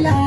la